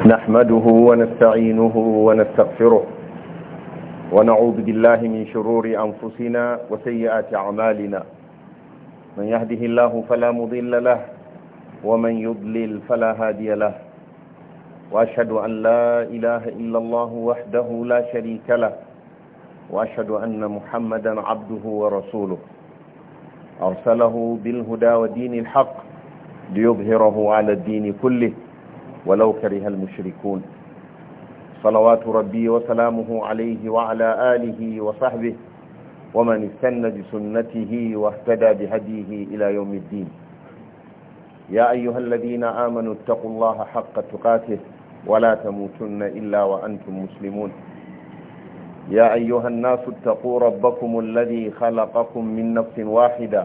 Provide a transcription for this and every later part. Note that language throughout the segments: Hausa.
نحمده ونستعينه ونستغفره ونعوذ بالله من شرور أنفسنا وسيئات أعمالنا من يهده الله فلا مضل له ومن يضلل فلا هادي له وأشهد أن لا إله إلا الله وحده لا شريك له وأشهد أن محمدا عبده ورسوله أرسله بالهدى ودين الحق ليظهره على الدين كله ولو كره المشركون صلوات ربي وسلامه عليه وعلى آله وصحبه ومن استنى بسنته واهتدى بهديه إلى يوم الدين يا أيها الذين آمنوا اتقوا الله حق تقاته ولا تموتن إلا وأنتم مسلمون يا أيها الناس اتقوا ربكم الذي خلقكم من نفس واحدة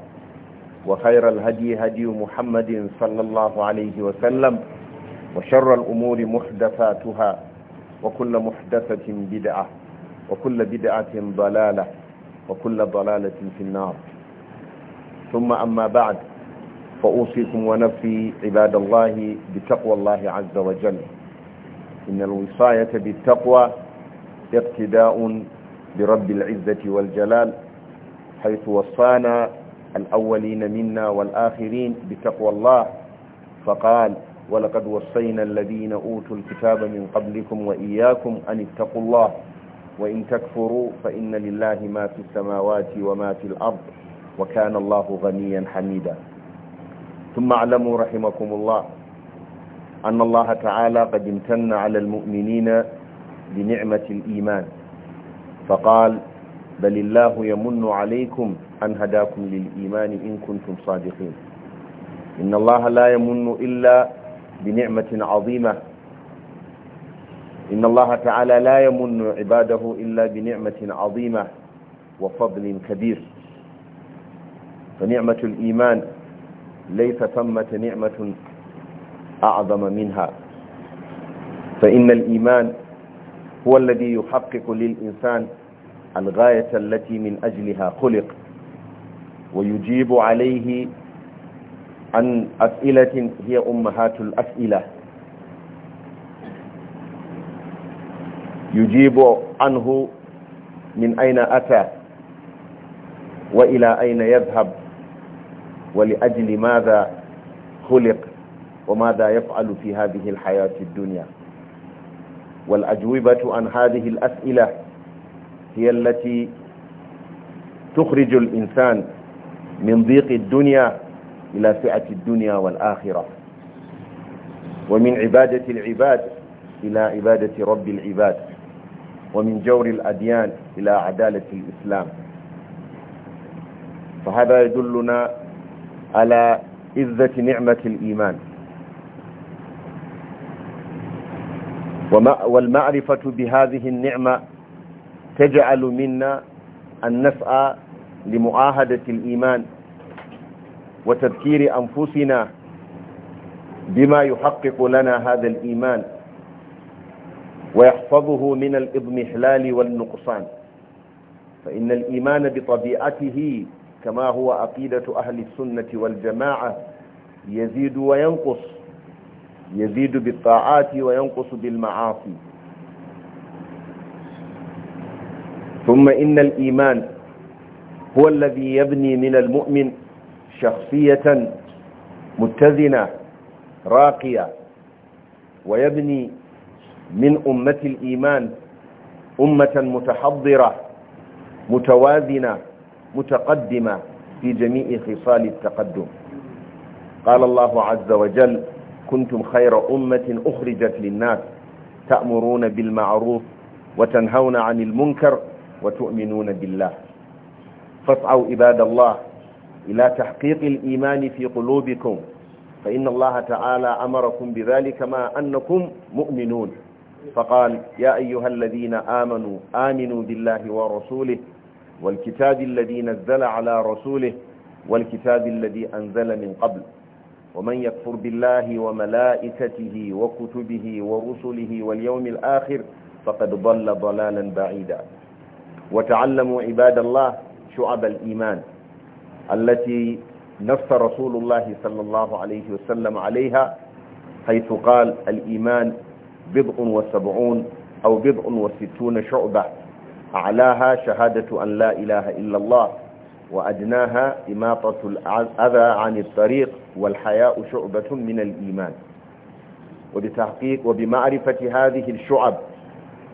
وخير الهدي هدي محمد صلى الله عليه وسلم وشر الأمور محدثاتها وكل محدثة بدعة وكل بدعة ضلالة وكل ضلالة في النار ثم أما بعد فأوصيكم ونفسي عباد الله بتقوى الله عز وجل إن الوصاية بالتقوى اقتداء برب العزة والجلال حيث وصانا الأولين منا والآخرين بتقوى الله فقال ولقد وصينا الذين أوتوا الكتاب من قبلكم وإياكم أن اتقوا الله وإن تكفروا فإن لله ما في السماوات وما في الأرض وكان الله غنيا حميدا ثم اعلموا رحمكم الله أن الله تعالى قد امتن على المؤمنين بنعمة الإيمان فقال بل الله يمن عليكم أن هداكم للإيمان إن كنتم صادقين إن الله لا يمن إلا بنعمة عظيمة إن الله تعالى لا يمن عباده إلا بنعمة عظيمة وفضل كبير فنعمة الإيمان ليس ثمة نعمة أعظم منها فإن الإيمان هو الذي يحقق للإنسان الغاية التي من أجلها خلق ويجيب عليه عن أسئلة هي أمهات الأسئلة يجيب عنه من أين أتى وإلى أين يذهب ولأجل ماذا خلق وماذا يفعل في هذه الحياة الدنيا والأجوبة عن هذه الأسئلة هي التي تخرج الإنسان من ضيق الدنيا إلى سعة الدنيا والآخرة ومن عبادة العباد إلى عبادة رب العباد ومن جور الأديان إلى عدالة الإسلام فهذا يدلنا على عزة نعمة الإيمان والمعرفة بهذه النعمة تجعل منا أن نسعى لمعاهدة الإيمان وتذكير أنفسنا بما يحقق لنا هذا الإيمان ويحفظه من الإضمحلال والنقصان فإن الإيمان بطبيعته كما هو عقيدة أهل السنة والجماعة يزيد وينقص يزيد بالطاعات وينقص بالمعاصي ثم إن الإيمان هو الذي يبني من المؤمن شخصية متزنة راقية ويبني من أمة الإيمان أمة متحضرة متوازنة متقدمة في جميع خصال التقدم قال الله عز وجل كنتم خير أمة أخرجت للناس تأمرون بالمعروف وتنهون عن المنكر وتؤمنون بالله فاسعوا عباد الله إلى تحقيق الإيمان في قلوبكم فإن الله تعالى أمركم بذلك ما أنكم مؤمنون فقال يا أيها الذين آمنوا آمنوا بالله ورسوله والكتاب الذي نزل على رسوله والكتاب الذي أنزل من قبل ومن يكفر بالله وملائكته وكتبه ورسله واليوم الآخر فقد ضل ضلالا بعيدا وتعلموا عباد الله شعب الإيمان التي نص رسول الله صلى الله عليه وسلم عليها حيث قال الإيمان بضع وسبعون أو بضع وستون شعبة أعلاها شهادة أن لا إله إلا الله وأدناها إماطة الأذى عن الطريق والحياء شعبة من الإيمان وبتحقيق وبمعرفة هذه الشعب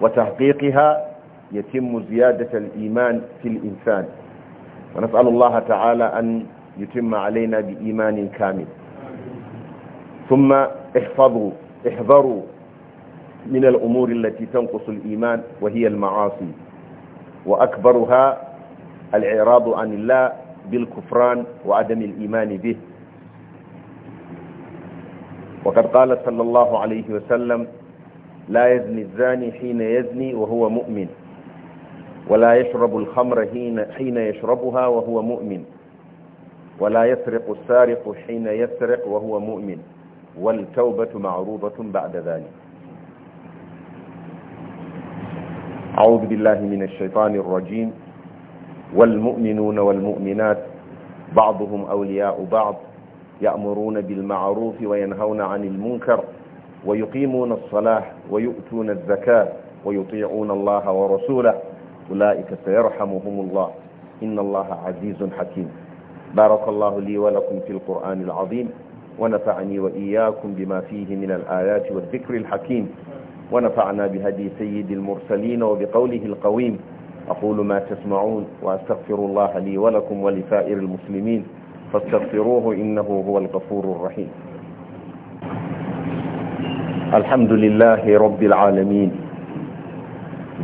وتحقيقها يتم زيادة الإيمان في الإنسان ونسأل الله تعالى أن يتم علينا بإيمان كامل ثم احفظوا احذروا من الأمور التي تنقص الإيمان وهي المعاصي وأكبرها الإعراض عن الله بالكفران وعدم الإيمان به وقد قال صلى الله عليه وسلم لا يزني الزاني حين يزني وهو مؤمن ولا يشرب الخمر حين, حين يشربها وهو مؤمن ولا يسرق السارق حين يسرق وهو مؤمن والتوبة معروضة بعد ذلك أعوذ بالله من الشيطان الرجيم والمؤمنون والمؤمنات بعضهم أولياء بعض يأمرون بالمعروف وينهون عن المنكر ويقيمون الصلاة ويؤتون الزكاة ويطيعون الله ورسوله أولئك سيرحمهم الله إن الله عزيز حكيم بارك الله لي ولكم في القرآن العظيم ونفعني وإياكم بما فيه من الآيات والذكر الحكيم ونفعنا بهدي سيد المرسلين وبقوله القويم أقول ما تسمعون وأستغفر الله لي ولكم ولسائر المسلمين فاستغفروه إنه هو الغفور الرحيم الحمد لله رب العالمين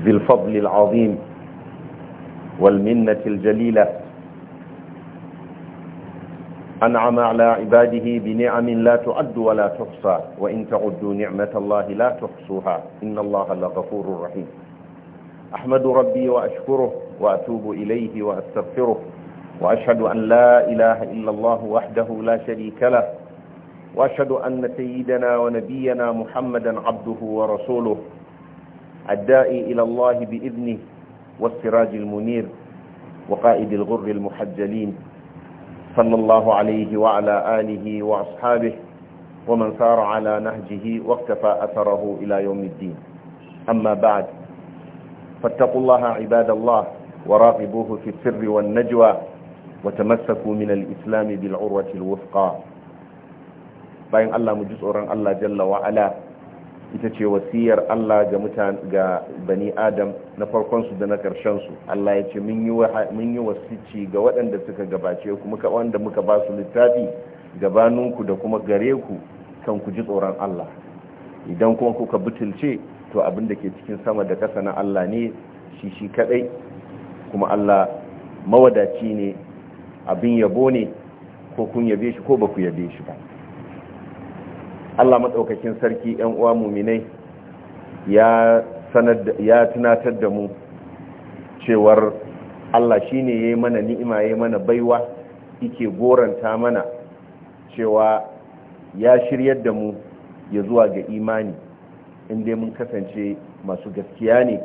ذي الفضل العظيم والمنة الجليلة أنعم على عباده بنعم لا تعد ولا تحصى وإن تعدوا نعمة الله لا تحصوها إن الله لغفور رحيم أحمد ربي وأشكره وأتوب إليه وأستغفره وأشهد أن لا إله إلا الله وحده لا شريك له وأشهد أن سيدنا ونبينا محمدا عبده ورسوله الداعي إلى الله بإذنه والسراج المنير وقائد الغر المحجلين صلى الله عليه وعلى آله وأصحابه ومن سار على نهجه واقتفى أثره إلى يوم الدين أما بعد فاتقوا الله عباد الله وراقبوه في السر والنجوى وتمسكوا من الإسلام بالعروة الوثقى باين الله مجزء الله جل وعلا ita ce wasiyar Allah ga mutane ga bani adam na farkon su da na karshen su Allah ya ce mun yi mun yi wasici ga waɗanda suka gabace ku muka wanda muka ba su littafi ku da kuma gare ku kan ku ji tsoron Allah idan kuma kuka butulce to abin da ke cikin sama da kasa na Allah ne shi shi kadai kuma Allah mawadaci ne abin yabo ne ko kun yabe shi ko ba ku yabe shi ba Allah maɗaukakin sarki ‘yan uwa muminai ya tunatar da mu cewar Allah shi ne ya yi mana ni'ima ya mana baiwa ike goranta mana cewa ya shiryar da mu ya zuwa ga imani inda mun kasance masu gaskiya ne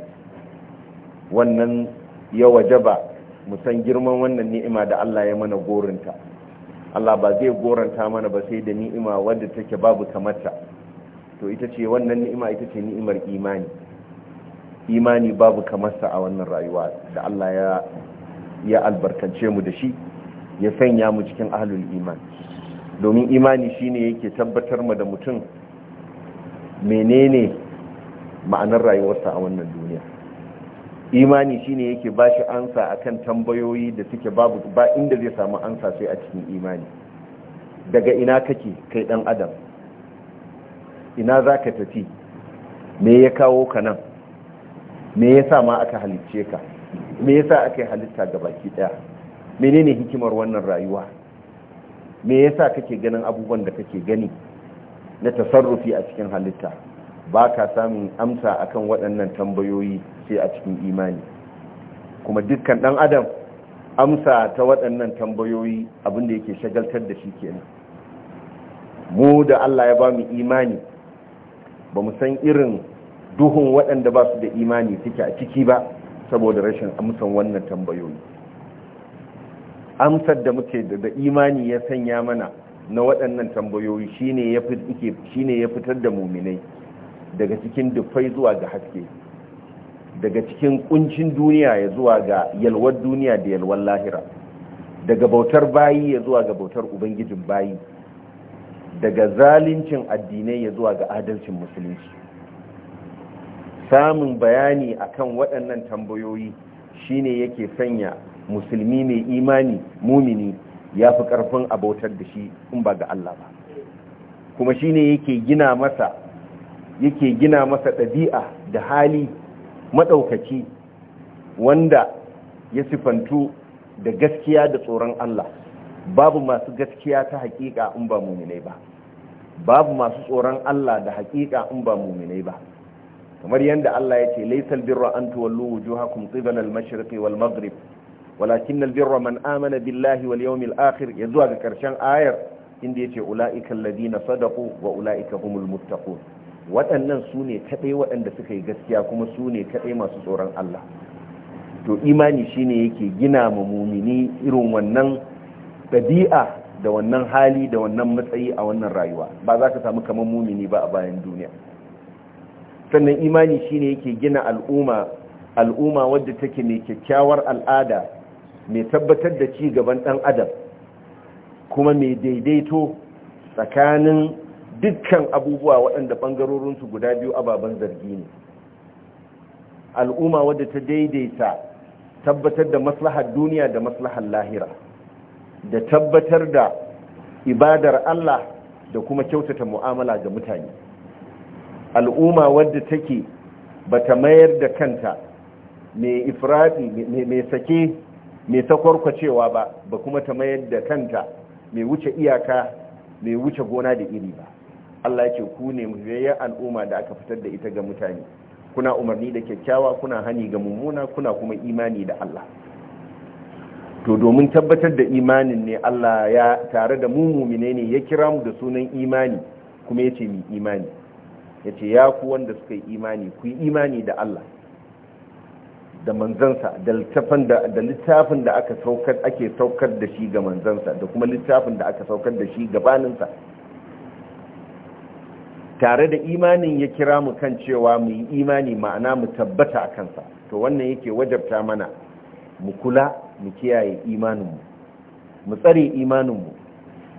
wannan ya wajaba musan girman wannan ni'ima da Allah ya mana gorinta Allah ba zai goranta mana ba sai da ni'ima wadda take babu kamata. to ita ce wannan ni'ima ita ce ni'imar imani imani babu kamarsa a wannan rayuwa da Allah ya ya albarkance mu da shi ya sanya mu cikin ahlul iman domin imani shine yake tabbatar mu da mutum menene ma'anar rayuwarsa a wannan duniya imani shine yake ba shi ansa akan tambayoyi da suke babu ba inda zai samu ansa sai a cikin imani daga ina kake kai dan adam ina za ka tafi me ya kawo ka nan me ya sa ma aka halicce ka me ya sa aka yi halitta ga baki daya menene hikimar wannan rayuwa me ya sa kake ganin abubuwan da kake gani na tasarrufi a cikin halitta ba ka samun amsa akan waɗannan tambayoyi ce a cikin imani kuma dukkan ɗan adam amsa ta waɗannan tambayoyi abinda yake shagaltar da shi kenan mu da Allah ya ba mu imani ba mu san irin duhun waɗanda ba su da imani suke a ciki ba saboda rashin amsan wannan tambayoyi amsar da muke da imani ya sanya mana na waɗannan tambayoyi shine ya fitar da muminai daga cikin dufai zuwa ga haske daga cikin kuncin duniya ya zuwa ga yalwar duniya da yalwar lahira daga bautar bayi ya zuwa ga bautar ubangijin bayi daga zalincin addinai ya zuwa ga adalcin musulunci samun bayani akan waɗannan tambayoyi shine yake sanya musulmi mai imani mumini ya fi ƙarfin abautar da shi in ba ga Allah ba kuma shine yake gina masa yake gina masa ɗabi'a da hali maɗaukaki wanda ya sifantu da gaskiya da tsoron Allah babu masu gaskiya ta hakika in ba muminai ba babu masu tsoron Allah da hakika in ba muminai ba kamar yadda Allah ya ce laisal birra an tuwallu wujuhakum qibala al-mashriqi wal maghrib walakin al-birra man amana billahi wal yawmil akhir ya zuwa ga karshen ayar inda yace ulaika alladhina sadaqu wa ulaika humul muttaqun waɗannan su ne kaɗai waɗanda suka yi gaskiya kuma su ne kaɗai masu tsoron Allah to imani shine yake gina ma mumini irin wannan ɗabi'a da wannan hali da wannan matsayi a wannan rayuwa ba za ka samu kamar mumini ba a bayan duniya sannan imani shine yake gina al'umma al'umma wadda take mai kyakkyawar al'ada mai tabbatar da ci gaban ɗan adam kuma mai daidaito tsakanin dukkan abubuwa waɗanda ɓangarorinsu guda biyu ababen zargi ne al'umma wadda ta daidaita tabbatar da maslahar duniya da maslahar lahira da tabbatar da ibadar Allah da kuma kyautata mu'amala ga mutane al'umma wadda take bata mayar da kanta mai ifrati mai sake mai sakwarkwacewa ba ba kuma ta mayar da kanta mai wuce iyaka mai wuce gona da iri ba Allah ya ce ku ne muhimmiyar al'umma da aka fitar da ita ga mutane kuna umarni da kyakkyawa kuna hani ga mummuna kuna kuma imani da Allah to domin tabbatar da imanin ne Allah ya tare da mu mumine ne ya kira mu da sunan imani kuma ya ce mu imani ya ce ya ku wanda suka yi imani ku yi imani da Allah da manzansa da littafin da da littafin da aka saukar ake saukar da shi ga manzansa da kuma littafin da aka saukar da shi gabaninsa tare da imanin ya kira mu kan cewa mu yi imani ma'ana mu tabbata a kansa to wannan yake wajabta mana mu kula mu kiyaye imaninmu mu tsare imaninmu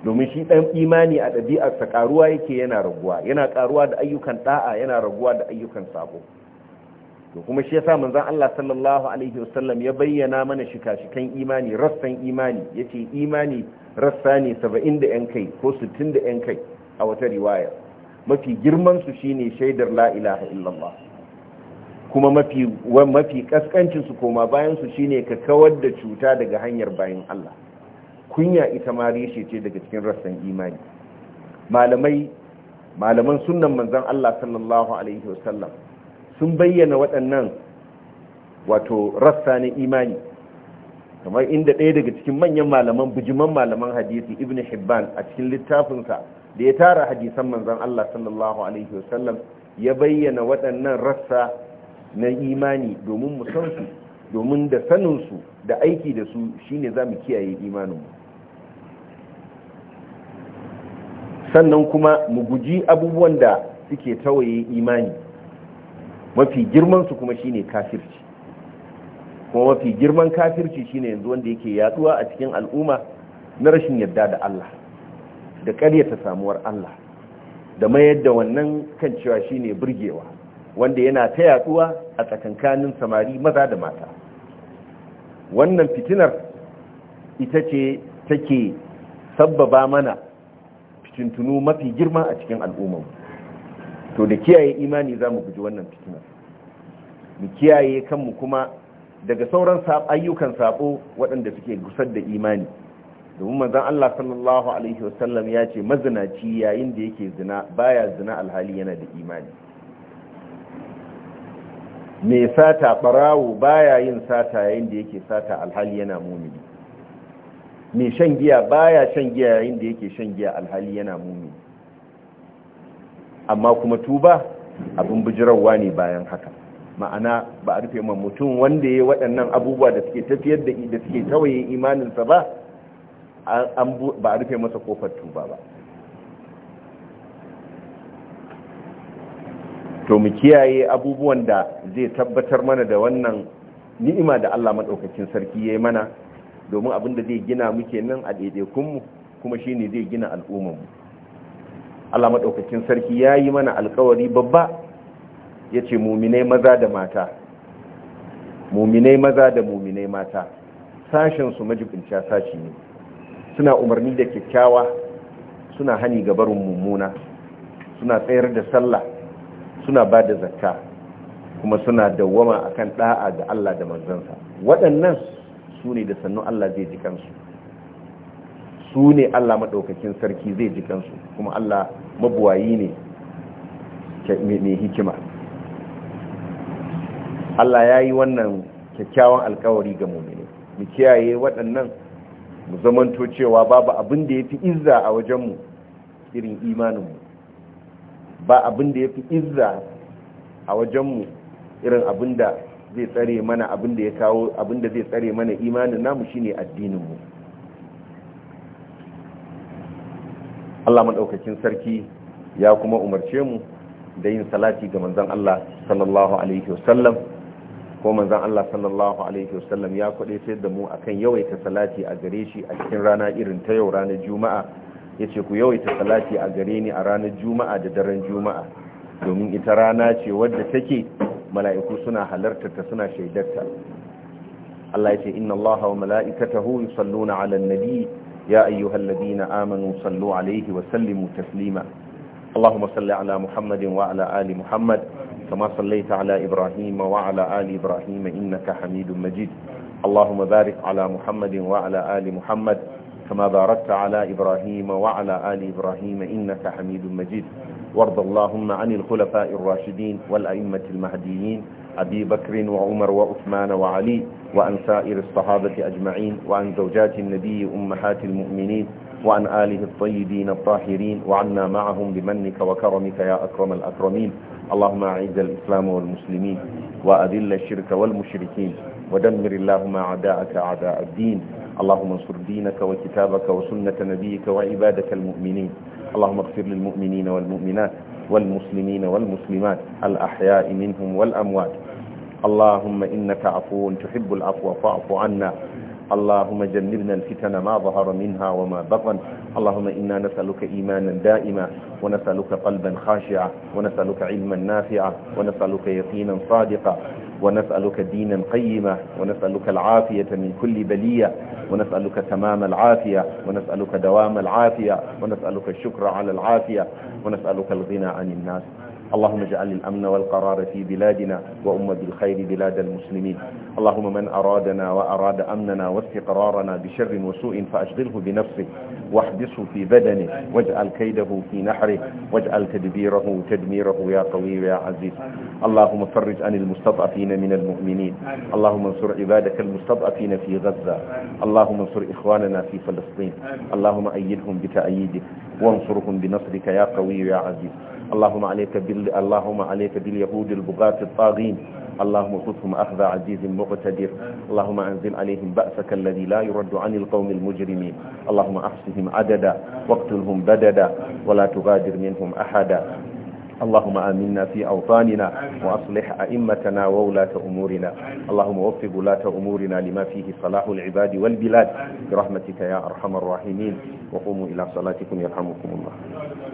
domin shi ɗan imani a ɗabi'arsa ƙaruwa yake yana raguwa yana ƙaruwa da ayyukan ɗa'a yana raguwa da ayyukan sabo to kuma shi yasa manzon Allah sallallahu alaihi wasallam ya bayyana mana shika-shikan imani rassan imani yace imani rassa ne 70 da yan kai ko 60 da yan kai a wata riwaya mafi girman su shine shaidar la ilaha illallah kuma mafi mafi kaskancin su koma bayan su shine ka kawar da cuta daga hanyar bayan Allah kunya ita ma reshe ce daga cikin rassan imani malamai malaman sunnan manzon Allah sallallahu alaihi wasallam sun bayyana waɗannan wato rassa na imani kamar inda ɗaya daga cikin manyan malaman bijiman malaman hadisi Ibnu hibban a cikin littafinsa da ya tara hadisan manzon Allah sallallahu alaihi wasallam ya bayyana waɗannan rassa na imani domin mu san domin da saninsu da aiki da su shine zamu kiyaye imaninmu sannan kuma mu guji abubuwan da suke tawaye imani mafi girman su kuma shine kafirci kuma mafi girman kafirci shine yanzu wanda yake yaduwa a cikin al'umma na rashin yarda da Allah da ta samuwar Allah da mayar da wannan kan cewa shine burgewa wanda yana ta yatsuwa a tsakankanin samari maza da mata wannan fitinar ita ce take sabbaba mana fitintunu mafi girma a cikin al'ummar to da kiyaye imani za mu guji wannan fitinar mu kiyaye kanmu kuma daga sauran ayyukan sabo waɗanda suke gusar da imani domin manzon Allah sallallahu alaihi wasallam ya ce mazinaci yayin da yake zina baya zina alhali yana da imani mai sata barawo baya yin sata yayin da yake sata alhali yana mumini mai shan giya baya shan giya yayin da yake shan giya alhali yana mumini amma kuma tuba abin bijirarwa ne bayan haka ma'ana ba a rufe ma mutum wanda ya waɗannan abubuwa da suke tafiyar da da suke tawaye imaninsa ba ba a rufe masa kofar tuba ba to mu kiyaye abubuwan da zai tabbatar mana da wannan ni'ima da Allah madaukakin sarki ya yi mana domin abin da zai gina muke nan a mu kuma shi zai gina mu. Allah madaukakin sarki yayi mana alƙawari babba ya ce muminai maza da mata muminai maza da muminai mata su majibincin sashi ne suna umarni da kyakkyawa suna hani ga barin mummuna suna tsayar da sallah suna ba da zakka kuma suna dawwama akan da'a ga Allah da manzansa waɗannan su ne da sannu Allah zai ji kansu su ne Allah maɗaukakin sarki zai ji kansu kuma Allah mabuwayi ne mai hikima Allah ya yi wannan kyakkyawan alkawari ga mummuna mu kiyaye waɗannan mu zamanto cewa babu abin da ya fi izza a wajenmu irin imaninmu ba abin da ya fi izza a wajenmu irin abin da zai tsare mana abin da ya kawo abin da zai tsare mana imanin namu shine addininmu Allah maɗaukakin sarki ya kuma umarce mu da yin salati ga manzon Allah sallallahu alaihi wasallam ko manzon Allah sallallahu alaihi wasallam ya kwade sai da mu akan yawaita salati a gare shi a cikin rana irin ta yau ranar juma'a yace ku yawaita salati a gare ni a ranar juma'a da daren juma'a domin ita rana ce wadda take mala'iku suna halartar ta suna shaidarta Allah yace inna Allah wa mala'ikatahu yusalluna 'alan nabi ya ayyuhalladhina amanu sallu 'alaihi wa sallimu taslima اللهم صل على محمد كما صليت على إبراهيم وعلى آل إبراهيم إنك حميد مجيد اللهم بارك على محمد وعلى آل محمد كما باركت على إبراهيم وعلى آل إبراهيم إنك حميد مجيد وارض اللهم عن الخلفاء الراشدين والأئمة المهديين أبي بكر وعمر وعثمان وعلي وأن سائر الصحابة أجمعين وأن زوجات النبي أمهات المؤمنين وعن آله الطيبين الطاهرين وعنا معهم بمنك وكرمك يا أكرم الأكرمين اللهم أعز الإسلام والمسلمين وأذل الشرك والمشركين ودمر اللهم أعداءك أعداء الدين اللهم انصر دينك وكتابك وسنة نبيك وعبادك المؤمنين اللهم اغفر للمؤمنين والمؤمنات والمسلمين والمسلمات الأحياء منهم والأموات اللهم إنك عفو تحب العفو فاعف عنا اللهم جنبنا الفتن ما ظهر منها وما بطن اللهم إنا نسألك إيمانا دائما ونسألك قلبا خاشعا ونسألك علما نافعا ونسألك يقينا صادقا ونسألك دينا قيما ونسألك العافية من كل بلية ونسألك تمام العافية ونسألك دوام العافية ونسألك الشكر على العافية ونسألك الغنى عن الناس اللهم اجعل الأمن والقرار في بلادنا وأمة الخير بلاد المسلمين اللهم من أرادنا وأراد أمننا واستقرارنا بشر وسوء فأشغله بنفسه واحبسه في بدنه واجعل كيده في نحره واجعل تدبيره تدميره يا قوي يا عزيز اللهم فرج عن المستضعفين من المؤمنين اللهم انصر عبادك المستضعفين في غزة اللهم انصر إخواننا في فلسطين اللهم أيدهم بتأييدك وانصرهم بنصرك يا قوي يا عزيز اللهم عليك بال اللهم عليك باليهود البغاة الطاغين اللهم خذهم أخذ عزيز مقتدر اللهم أنزل عليهم بأسك الذي لا يرد عن القوم المجرمين اللهم أحصهم عددا واقتلهم بددا ولا تغادر منهم أحدا اللهم آمنا في أوطاننا وأصلح أئمتنا وولاة أمورنا اللهم وفق ولاة أمورنا لما فيه صلاح العباد والبلاد برحمتك يا أرحم الراحمين وقوموا إلى صلاتكم يرحمكم الله